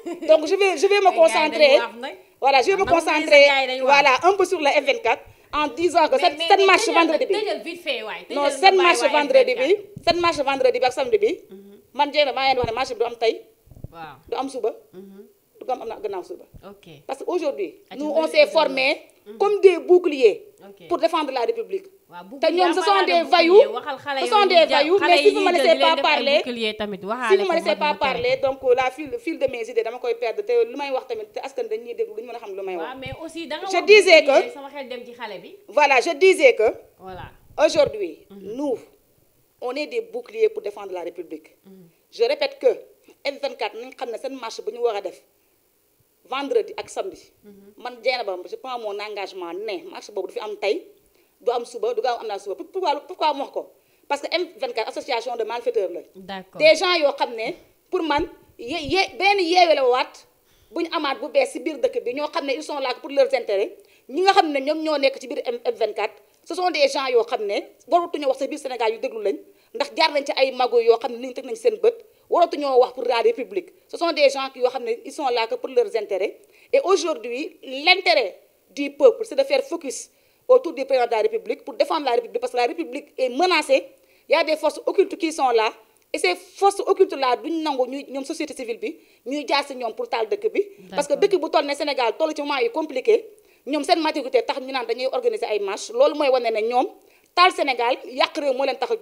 donc je vais je vais me concentrer voilà je vais me concentrer voilà un peu sur le F24 en disant que cette cette marche vendredi bi non cette marche vendredi bi cette marche vendredi bi ak samedi bi mhm. man jéeg na maa leen marche bi du am tay. waaw du am suba. Mhm ok parce que aujourd'hui ah, nous on s'est formé comme des boucliers. pour défendre la république. te ñoom ce sont des vaillous ce sont des vaillous mais si vous me laissez pas parler si vous me laissez pas parler donc la fil de mes idées dama koy perdre te lu wax tamit te dañ déglu xam mais aussi da nga je disais que voilà je disais que. voilà aujourd'hui mhm. nous on est des boucliers pour défendre la république. Mhm. je répète que F24 nañ xam ne marche pour nous, war def. vendredi ak samedi. man Dieynaba je prends mon engagement ne marche boobu du fi am tay du am suba du gaaw am naa suba pourquoi pourquoi mu wax ko parce que M24 association de malfaiteurs la. d'accord des yoo xam ne pour man ye ye benn yeewale waat bu ñu amaat bu bees si biir dëkk bi ñoo xam ne ils sont là pour leurs intérêts ñi nga xam ne ñoom ñoo nekk ci biir M24 ce sont des gens yoo xam ne warutuñu wax sa biir Sénégal yu déglu lañ ndax jaar ci ay mago yoo xam ne nit ñi teg nañ seen bët. pour la république ce sont des gens qui sont là pour leurs intérêts et aujourd'hui l'intérêt du peuple c'est de faire focus autour du président de la république pour défendre la république parce que la république est menacée il y a des forces occultes qui sont là et ces forces occultes là nous sommes ñuy société civile nous sommes jaar pour tal dëkk parce que que bu le Sénégal tout ci compliqué sommes seen maturité nous ñu dañuy organiser ay marche Nous sommes wane ne TAL Sénégal nous avons créé leen tax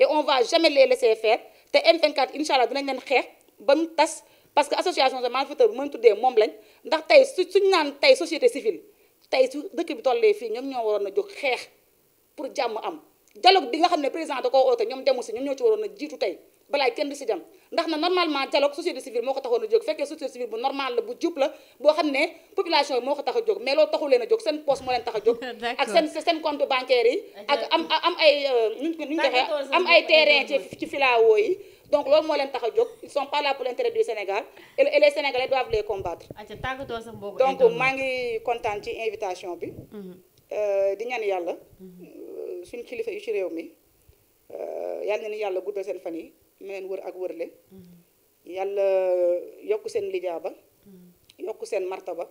et on ne va jamais les laisser faire te M24 incha allah dinañ leen xeex ba mu tas parce que association de malfaiteurs bi mën tuddee moom lañ ndax tey su suñ naan tey société civile tey su dëkk bi tollee fii ñoom ñoo waroon na jóg xeex pour jàmm am dialogue bi nga xam ne président da koo oote ñoom demu si ñoom ñoo ci waroon a jiitu tey balaay kenn du si dem ndax na normalement dialogue société civile moo ko taxoon a jóg fekkee société civile bu normal la bu jub la boo xam ne population yi moo ko tax a jóg mais loolu taxu leen a jóg seen poste moo leen tax a jóg ak seen seen compte bancaire yi ak am am ay nuñ nuñ defee am ay terrain ci ci filao yi donc loolu moo leen tax a jóg ils sont pas là pour l'intérêt du Sénégal et les Sénégalais doivent les combattre ah, donc maa ngi kontaan ci invitation bi mhm. euh, di ñaan yàlla mhm. euh, suñ kilifa yu ci réew mi euh, yàlla na ni yàlla guddal seen fan yi ma leen wër ak wërle yàlla yokk seen ba yokk seen martaba ba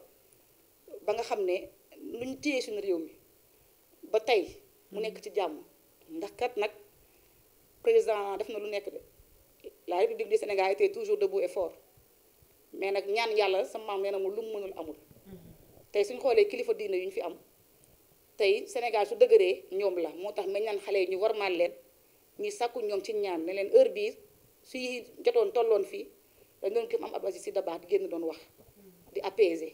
ba nga xam ne luñ téye suñu réew mi ba tey mu nekk ci jàmm ndax kat nag président def na lu nekk de la bi du Sénégal était toujours debout et fort mais nag ñaan yàlla sa maam nee lu mu mënul amul tey suñ xoolee kilifa diine yu ñu fi am tey Sénégal su dëgëree ñoom la moo tax meññaan xale yi ñu warmaal leen ñuy sàkku ñoom ci ñaan ne leen heure bii su jotoon tolloon fii dañ doon gëm am ab Aziz Sy Dabakh di génn doon wax di apaiser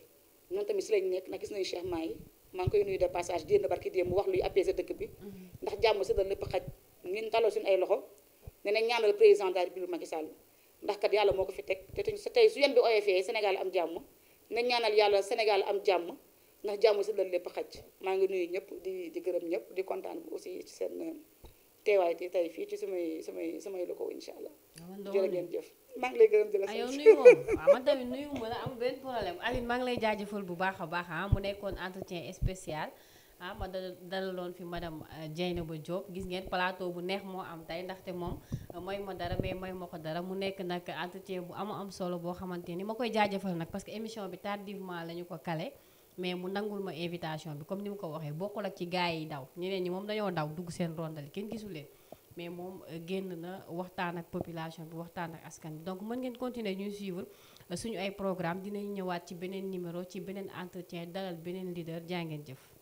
noonu tamit si lañ nekk nag gis nañ Cheikh Mahi maa ngi koy nuyu de passage génn barki démb mu wax luy apaiser bi mm-hmm. ndax jàmm si da lépp xaj ñun taloo suñu ay loxo ne nañ ñaanal président de la République Macky Sall ndax yàlla moo ko fi teg te te sa tey su yen bi oyofee am jàmm nañ ñaanal yàlla Sénégal am jàmm ndax jàmm si la lépp xaj maa ngi nuyu ñëpp di di gërëm ñëpp di kontaan aussi ci seen teewaay ci tey fii ci samay samay samay loko incha allah. jëf maa ngi lay gërëm di ah, man tamit nuyu ma la amul benn problème Aline maa ngi lay jaajëfal bu baax a baax ah mu nekkoon entretien spécial. ah ma dalaloon fi madame euh, Dieynaba Diop gis ngeen palaato bu neex moo am tey ndaxte moom euh, mooy ma dara mais mooy ko dara mu nekk nag entretien bu amu am solo boo xamante ni ma koy jaajafal nag parce que émission bi tardivement la ñu ko kale mais mu nangul ma invitation bi comme ni mu ko waxee bokkul ak ci gars yi daw ñeneen ñi moom dañoo daw dugg seen rondal kenn gisu leen mais moom euh, génn na waxtaan ak population bi waxtaan ak askan bi donc mën ngeen continuer ñuy suivre euh, suñu ay programme dinañ ñëwaat ci beneen numéro ci beneen entretien dalal beneen leader jaa ngeen jëf